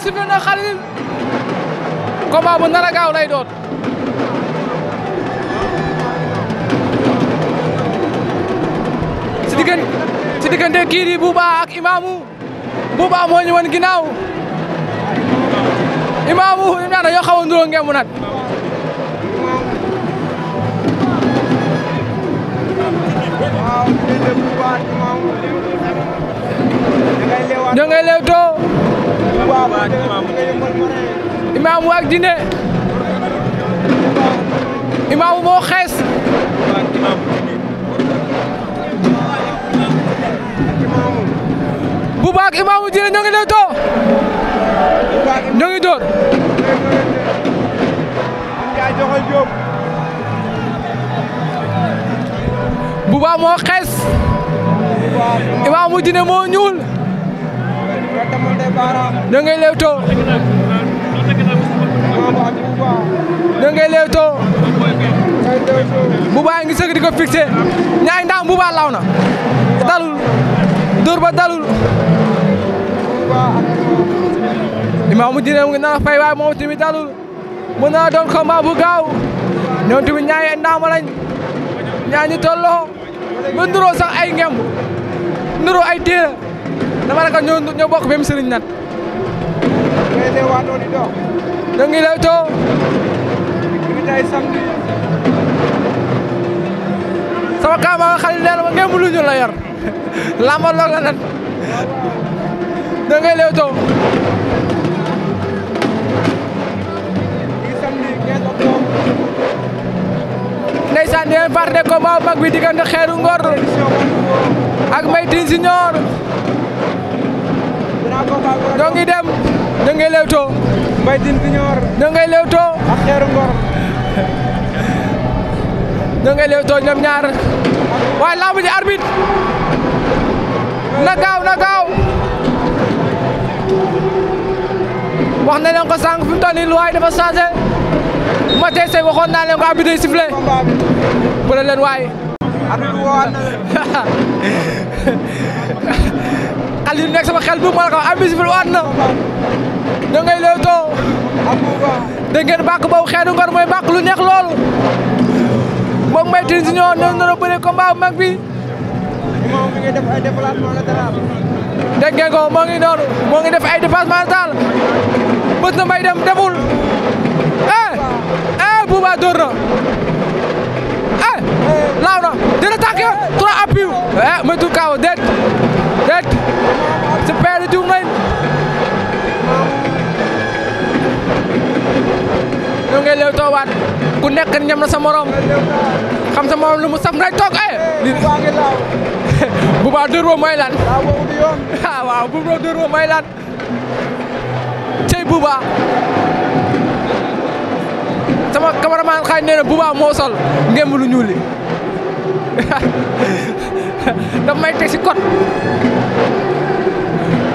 bi sifflé na Khalil combat bu nar gaaw lay doon si diggante si diggante kii ak Imaamu Bouba moo ñu woon ginnaaw Imaamu ñaata yoo xaw a nduróo ngeemu nag ñoo ngay leewtoo Imam Wack Djiné Imam moo xees Bouba ak Imam Djiné ñoo ngi lay too ñoo ngi door Bouba moo xees Imam Djiné moo ñuul ñoo ngay lewtoo ñoo ngay lewtoo Bouba ngi sëgg di ko fixé ñaari ndaam Bouba law na dalul dóor ba dalul Limamou Dine mu ngi naan fay waaye moom tamit dalul mën naa doon combat bu gaaw ñoom tamit ñaari ndaam lañ ñaari ñu tolloo ba nuroo sax ay ngemb nuroo ay téere dama ne ko ñoo ñoo bokk même sëriñ nat. ngay leewaatoo ma xale nee na ma ngeen lu la yor la nat da ngay leewtoo. ndeysaan yéen part de combat mag bi diggante Xeeru Ngor ak Mbaye Tine Junior ñoo ngi dem ñoo ngay lewtoo Mbaye Tine Junior ñoo ngay lewtoo ñoom ñaar waaye lamb ji arbitre na gaaw na gaaw wax na leen ko fi mu toll nii dafa changé ma tey say waxoon naa leen ko arbitre day sifflé bu leen waay xel yu nekk sama xel bu ma la ko ambisi bi na da ngay leetoo da ngeen bàq boobu xeetu ngor mooy bàq lu neex loolu moom may tin si ñoo ñoo nar a bëri combat mag bi moom mi ngi def ay déplacement latéral dégg ngeen ko moo ngi noonu def ay déplacement latéral bët na may dem deful eh eh Bouba dóor na eh laaw na dina tàkkee trois appui eh moytu kaaw déet déet ngay leew ku nekk ñam na sa morom xam sa morom lu mu saf ngay toog eh. bu baax dóor boobu mooy lan. ah waaw bu baax sama cameraman nee na buba moo sol ngémb lu ñuul li may teg si kot.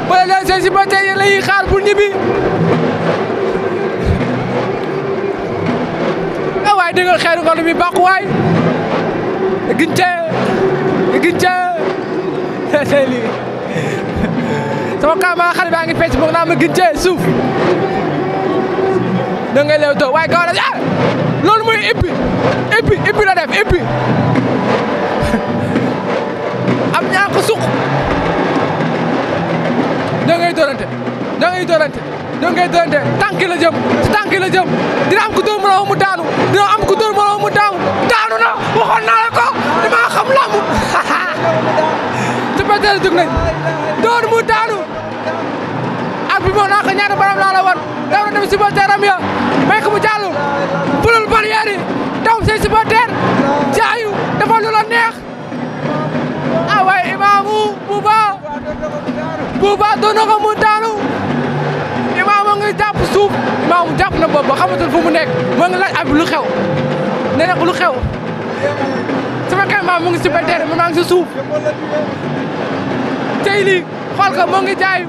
wala leen seen ba tey yéen xaar pour ñibbi. déggal xeeru ngor bi bàquwaay ginte ginte tey lii sama kàmmaa xale baa ngi fecc boog naa ma ginte suuf da ngay leew to waaye kaw la ah da ngay dorante da ngay dorante tànk jëm si tànk jëm dina am ku dóor moroom mu daanu dina am ku dóor moroom mu daanu daanu na waxoon naa la ko damaa xam lamb supporter jug nañ dóor mu daanu ak moo naa ko ñaari baram laa la wan daw dem supporter am ya may ko mu jàll bulul barrière yi daw say supporter jaayu dafa lu la neex ah imaamu bu baax bu baax doon na mu daanu suuf maamu jàpp na boobu xamatul fu mu nekk moo ngi laaj ab lu xew nee na lu xew sama kay maam mu ngi si béteer man maa ngi si suuf tey lii xool ko jaay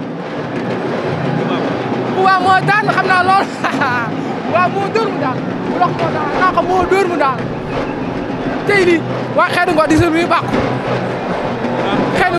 waaw moo daan xam naa lool waaw moo dóor mu daal bu waa xeetu ngox di seen muy bàqu